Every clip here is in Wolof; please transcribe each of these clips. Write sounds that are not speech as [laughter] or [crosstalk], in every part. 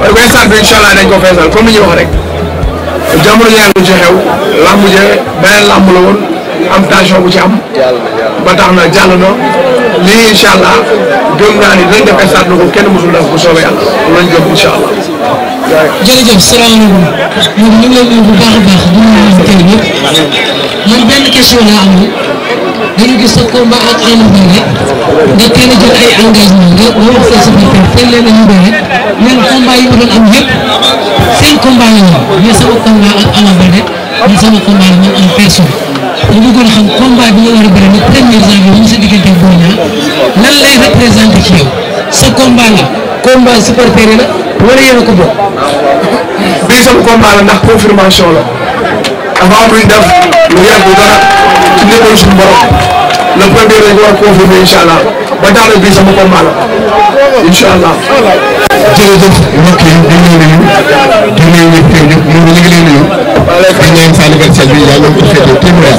waaye ba instant bii incha allah dañ ko feesal comme ni ñu wax rek jamono yaa ngi ci làmb je beneen làmb la woon am tension bu ci am. ba tax na jàll na lii incha allah gëm naa ni dinañ def instant bi kenn mësul def bu soobee yàlla loolu lañ gëm incha allah. jërëjëf salaamaaleykum ñoom ñu ngi lay bu baax a baax di nuyu ñoom benn question laa am dañu gis sa combat ak Ama Baldé nga teel a jël ay engagement nga wax sa supporter teel leen a ñu bëre man combat yi ma doon am yëpp seen combat la woon mais sama combat ak Ama Baldé man sama combat la man en personne ñu bëggoon xam combat bi nga war a bëre le premier janvier mu sa diggante Boy Niang lan lay représenté ci yow sa combat la combat supporter la wala yéen a ko bokk. bii sama combat la ndax confirmation la avant muy def lu yàgg dara. ci nekkoon suñu borom le premier dañ ko war a confirmer incha allah ba daanaka bii sama combat la incha allah. jërëjëf mbokk yi di nuyu nañu di nuyu ñëpp ñëpp ñëpp ñun ñu ngi lay nuyu. di ñaan sa anniversaire bi yàlla ko fekkee téeméer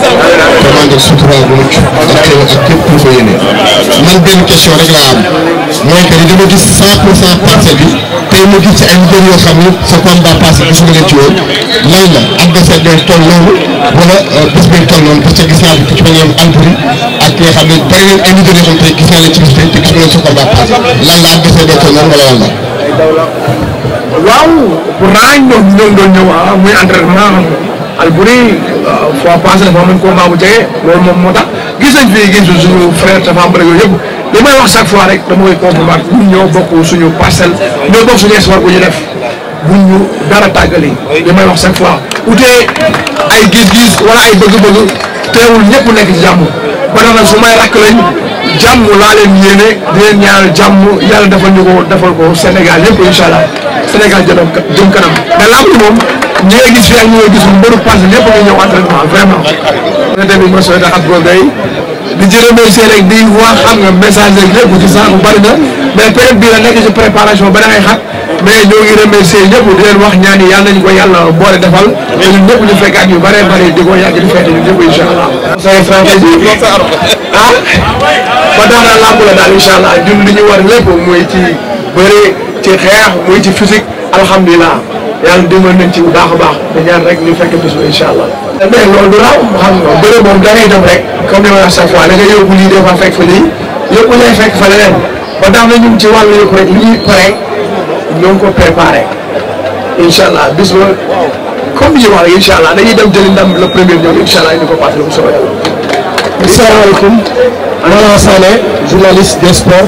commande sutura bu mucc ak képp ku ko yéene man benn question rek laa am. mooy que ni dama gis 100 pour cent parcelle bi tey ma gis ci ay mbir yoo xam ni sa combat passé gis nga ci woon lan la adversaire bi toll loolu wala euh, bés bi toll loolu parce que gis naa ko ci ma ay mbir yoo la adversaire bi toll loolu wala lan la. waaw pourtant ñoom ñoom doon ñëw ah muy entraînement Albouri euh, fois passé dafa amoon bu jege loolu moom moo tax gis nañ fi gis suñu frère Tafa Mbare yooyu yëpp. li may wax chaque fois rek dama koy comprendre ñun ñoo bokk suñu parcelle ñoo bu ñu def bu ñu dara tàggali li may wax chaque fois utee ay ay bëgg-bëgg teewul ñëpp nekk ci jàmm ba tax na su may rakk lañ jàmm laa leen yéene di leen ñaanal jàmm yàlla defal ñu ko Sénégal yëpp incha allah Sénégal jëm jëm kanam mais làmb moom ñi ngay gis fii ak ñi ngay gis mbëru parcelle ñëpp ñu ñëw entraînement vraiment. rajo bi ma sooy tax ak di ci remercier rek di wax xam nga message rek lépp ci saako bari na mais période bii nekk ci préparation ba da ngay xat mais ñoo ngi remercier ñëpp di leen wax ñaan yi yàlla nañu ko yàlla boole defal mais ñun ñu fekk ak yu baree bëri di ko yàgg di fekk ñun ñëpp incha allah. say franchise yi ah ba tax na li ñu war lépp mooy ci bëri ci xeex mooy ci physique alhamdulilah yàlla dimbal nañ ci bu baax a baax di ñaan rek ñu fekk bis ba incha allah. mais loolu du raw xam nga bëre moom da ngay dem comme ni ma la wax chaque fois da ngay lii des fois fekk fa lii yóbbu lay fekk fa leneen ba tax na ñu ci wàllu yëpp rek li ñuy pare ñoo ngi ko préparé incha allah bis ba comme ni ñu wax rek incha allah dañuy dem jëli ndam le premier ñoom incha allah ñu ko fàttali bu soobee yàlla. asalaamaaleykum. Malang Sané journaliste des sports.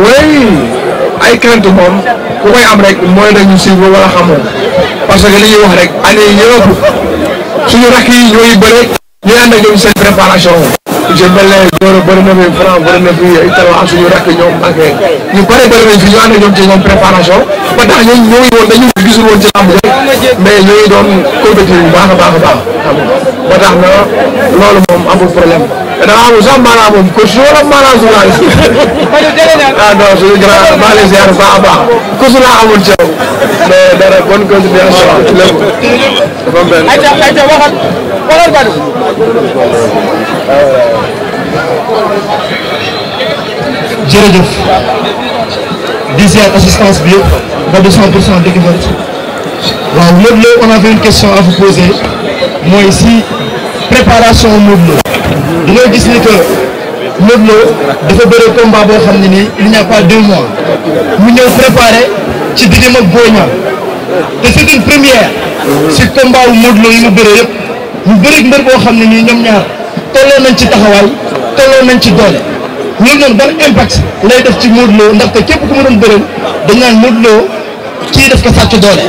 oui ay crainte moom ku koy am rek mooy dañu suivre wala xamoo parce que li ñuy wax rek année yëpp suñu rakk yi ñooy bëre ñu ànd ak ñoom seen préparation. je mel ne góor na fi franc bëri na fi italwa ak suñu rakk ñoom ak ñu bëri bëri nañ fi ñu ànd ak ñoom ci ñoom préparation ba tax ñoom ñoo ngi woon dañu gisul woon ci làmb rek mais ñoo doon compétir bu baax a baax a baax xam nga na loolu moom amul problème. da nga amul sax maanaam moom coach wala maanaam [laughs] journaliste ah non suñu grand maa ngi ziar baax a baax coach laa amul ci mais dara bonne continuation lépp dafa mel. ayca ayca waxal waxal Badou. jërëjëf di ziar assistance bi yëpp Badou 100 pour cent dëgg waaw Modou Lo on avait une question à vous poser mooy si préparation Modou Lo di nga gis ni que Modou Lo dafa bëre combat boo xam ne nii il n'y a pas deux mois mu ñëw préparé ci diggam ak Boy Niang te c'est une première si combat wu Modou Lo yi mu bëre yëpp mu bëreeg mbër boo xam ne nii ñoom ñaar tolloo nañ ci taxawaay tolloo nañ ci doole ñoom ñoom ban impact lay def ci Modou Lo ndaxte képp ku mu doon bëreel dañ naan Modou Lo def ko sàcc doole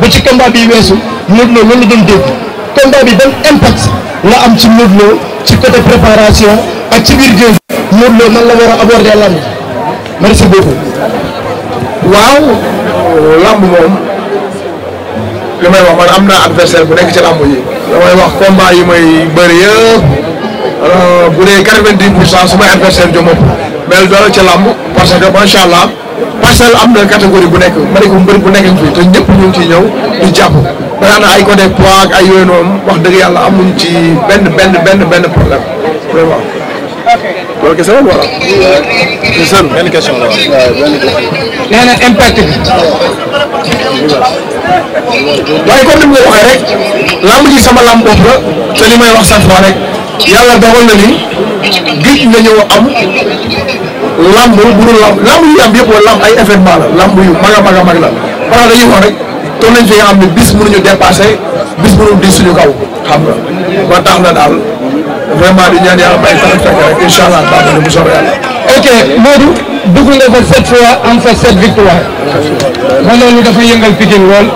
ba ci combat bi weesu Modou Lo loolu la doon dégg combat bi ban impact la am ci Modou ci côté préparation ak ci bir geu mo Lo nan la wara aborder lamb merci beaucoup. waaw lamb mom li wax man amna adversaire bu nek ci lamb yi. damay wax combat yi may ye euh bu dee 90% suma adversaire jo mopp mel doole ci lamb parce que machallah allah parcelle am na catégorie bu nek ma ne ko bu nek ci te ñepp ñu ci ñew di japp maanaam ay côté poids ak ay yooyu noonu wax dëgg yàlla amuñ ci benn benn benn benn problème vraiment. loolu kese la quoi. sën benn question la waaw. Ya, nee na impact nah, bi. waaye comme ni mu rek lamb ji sama lamb bopp te li wax sax fois rek yàlla ya, dogal na ni gëj nañoo am lamb bu lamb lamb yu am yëpp lamb ay événement la lamb yu mag a mag la maanaam dañuy wax rek. toll nañ fi nga xam ne bis mënuñu dépassé bis mënuñu di suñu kaw xam nga ba tax na daal vraiment di ñaan yàlla may tax fekk rek incha allah baax na bu soobee yàlla. ok Modou dugg nga fa sept fois am fa sept victoire ba loolu dafa yëngal Pikine lool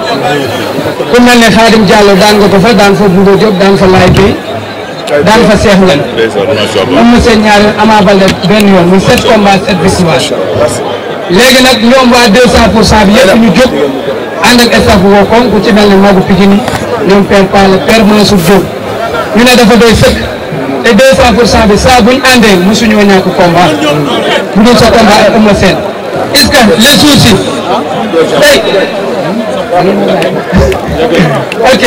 ku mel ne Khadim Diallo daan nga ko fa daan fa Bungo Diop daan fa Laye daan fa Cheikh Ngane am na seen ñaari Ama Baldé benn yoon muy sept combats sept victoire léegi nag ñoom waa deux cent pour cent bi yëpp ñu jóg. ànd ak staff woo koom ku ci mel ne Magu Pikine ñoom père Palla père Mansour Diop ñu ne dafa doy sëkk te 200 pour cent bi saa buñ àndee mosuñoo ñàkk combat bu dul sa combat ak Eumeu Sène est-ce que les jours tey ok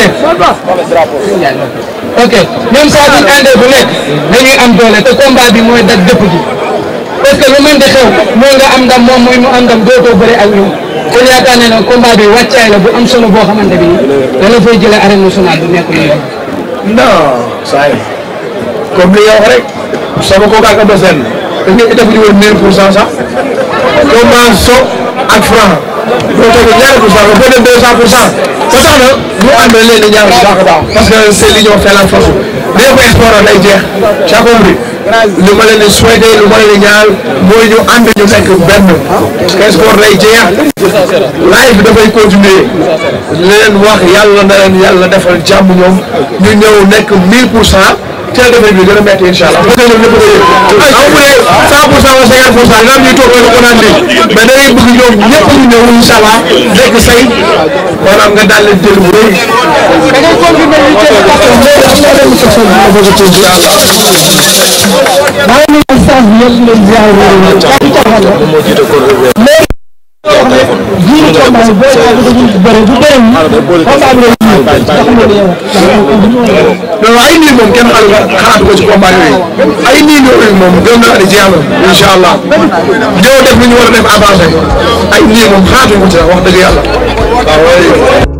ok ñoom saa buñ àndee bu nekk dañuy am doole te combat bi mooy daj dëpp gi parce que lu mën di xew moo nga am ndam moom mooy mu am ndam dootoo bëri ak ñoom. kon yaakaar naa ne combat bi la bu am solo boo xamante bi da la fay jëlee arène nationale bu nekkul yow. non saa yi comme li yow sa sama kooku ak Abdou Sène dañ koy defuñu woon 1000 pour cent sax comment so ak franc boo toogee ñaari pour cent boo dem 200 pour cent ba tax na ñu ànd leen ñaar bu baax a baax parce que c'est li ñuy wax teel a fas day jeex li ma leen di souhaité li ma leen di ñaan mooy ñu ànd ñu nekk benn sport day jeex live bi dafay continuer li leen wax yàlla na leen yàlla defal jàmm ñoom ñu ñëw nekk 1000 pour cent teel defar bi gën a métti incha allah. parce que ñoom ñëpp a koy yëg. amu ne 100 pour 100 wala 50 pour 100 ñoom ñuy toog ñu ko naan léegi mais da ngay bëgg ñoom ñëpp ñu ñëw incha allah lekk say maanaam nga daal leen jël bu rëy. da ngay confirmer li jël parce que léegi am na lenn question bu ma bëgg a tudd. maa ngi leen di sant yëpp leen ziar ay nii moom kenn xalaat ko ci combat yooyu ay nii moom gëm naa ne jeex na incha allah ñoo def lu ay nii moom xalaatuñ ko ci wax dëgg yàlla waaw